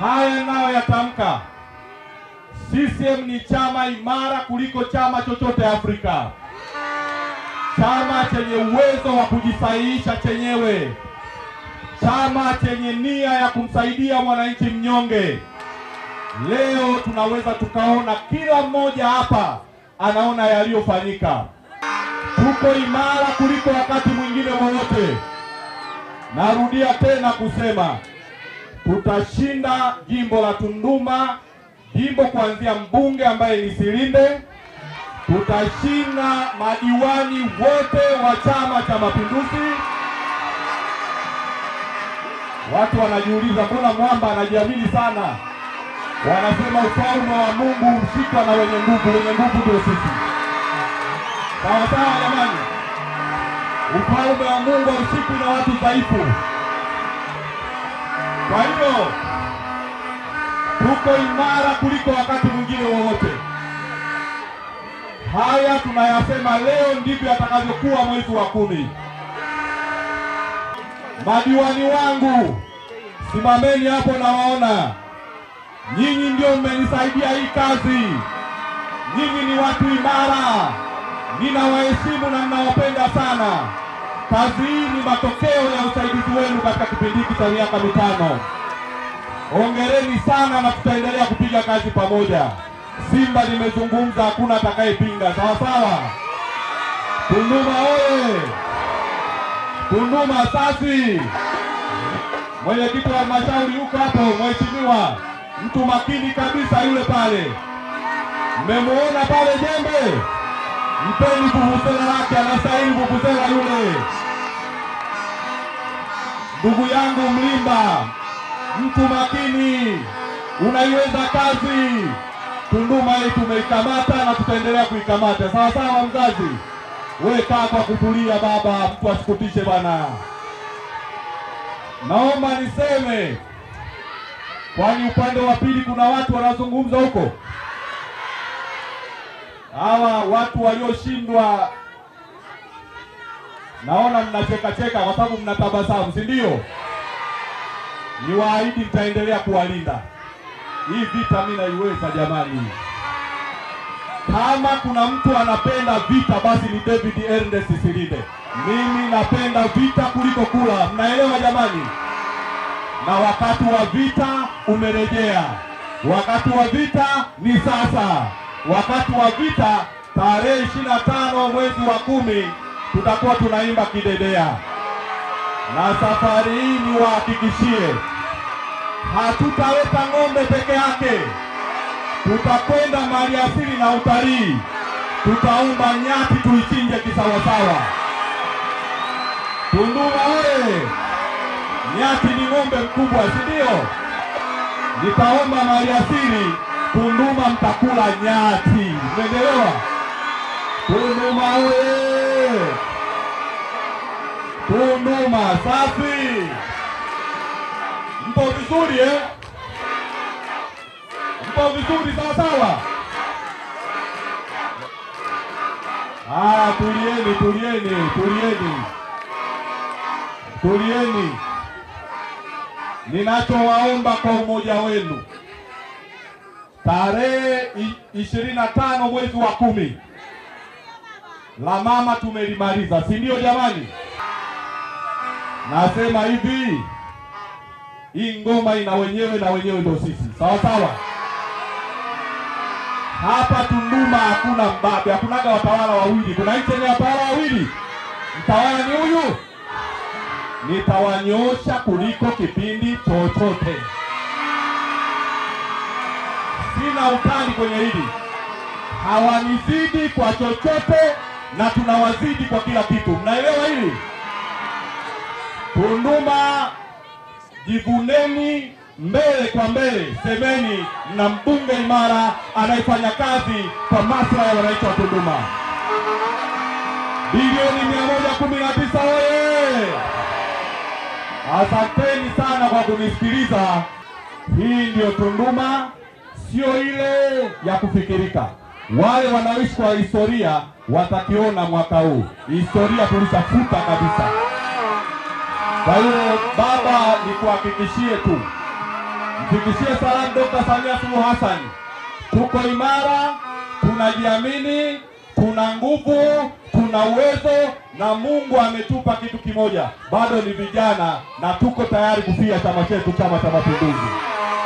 Haya yatamka CCM ni chama imara kuliko chama chochote Afrika, chama chenye uwezo wa kujisahihisha chenyewe, chama chenye nia ya kumsaidia mwananchi mnyonge. Leo tunaweza tukaona kila mmoja hapa anaona yaliyofanyika. Tuko imara kuliko wakati mwingine wowote. Narudia tena kusema tutashinda jimbo la Tunduma, jimbo kuanzia mbunge ambaye ni Silinde. Tutashinda madiwani wote wa Chama cha Mapinduzi. Watu wanajiuliza mbona mwamba anajiamini sana? Wanasema ufalme wa Mungu usikwa na wenye nguvu, wenye nguvu ndio sisi. Sawa sawa, jamani, ufalme wa Mungu haushikwi na watu dhaifu. Kwa hiyo tuko imara kuliko wakati mwingine wowote. Haya tunayasema leo, ndivyo atakavyokuwa mwezi wa kumi. Madiwani wangu simameni hapo, nawaona nyinyi ndio mmenisaidia hii kazi. Nyinyi ni watu imara, ninawaheshimu na ninawapenda sana. Kazi hii ni matokeo ya usaidizi wenu katika kipindi hiki cha miaka mitano. Hongereni sana na tutaendelea kupiga kazi pamoja. Simba nimezungumza, hakuna atakayepinga. Sawa sawa. Tunduma oye! Tunduma safi! Mwenyekiti wa halmashauri yuko hapo, mheshimiwa mtu makini kabisa yule pale, mmemuona pale jembe, mpeni kuhusu ndugu yangu Mlimba, mtu makini, unaiweza kazi. Tunduma hii tumeikamata na tutaendelea kuikamata. Sawa sawa, mzazi wewe, kaa kwa kutulia baba, mtu asikutishe bwana. Naomba niseme, kwani upande wa pili kuna watu wanazungumza huko, hawa watu walioshindwa Naona mnachekacheka kwa sababu mnatabasamu, si ndio? Niwaahidi mtaendelea kuwalinda. Hii vita mimi naiweza jamani. Kama kuna mtu anapenda vita, basi ni David Ernest Silinde. Mimi napenda vita kuliko kula, mnaelewa jamani? Na wakati wa vita umerejea, wakati wa vita ni sasa, wakati wa vita tarehe 25 mwezi wa kumi tutakuwa tunaimba kidedea, na safari hii niwahakikishie, hatutaweka ng'ombe peke yake. Tutakwenda maliasili na utalii, tutaumba nyati tuichinje kisawasawa. Tunduma oye! Nyati ni ng'ombe mkubwa, si ndio? Nitaomba maliasili Tunduma mtakula nyati. Umeelewa? Tunduma oye! Tunduma safi, mpo vizuri eh? Mpo vizuri sawa sawa. Ah, tulieni tulieni tulieni tulieni. Ninachowaomba kwa umoja wenu, tarehe ishirini na tano mwezi wa kumi la mama tumelimaliza, si ndio jamani? Nasema hivi, hii ngoma ina wenyewe na wenyewe ndio sisi, sawa sawa. Hapa Tunduma hakuna mbabe, hakunaga watawala wawili. Kuna nchi yenye watawala wawili? Mtawala ni huyu. Nitawanyosha kuliko kipindi chochote, sina utani kwenye hili. Hawanizidi kwa chochote na tunawazidi kwa kila kitu. Mnaelewa hili? Jivuneni mbele kwa mbele, semeni na mbunge imara anayefanya kazi kwa maslahi ya wananchi wa Tunduma. Bilioni mia moja kumi na tisa oye! Asanteni sana kwa kunisikiliza. Hii ndiyo Tunduma, sio ile ya kufikirika. Wale wanaoishi kwa historia watakiona mwaka huu historia tulishafuta kabisa. Kwa hiyo baba, nikuhakikishie tu, mfikishie salamu Dr. Samia Suluhu Hassan, tuko imara, tunajiamini, kuna nguvu, kuna uwezo na Mungu ametupa kitu kimoja, bado ni vijana na tuko tayari kufia chama chetu, Chama cha Mapinduzi.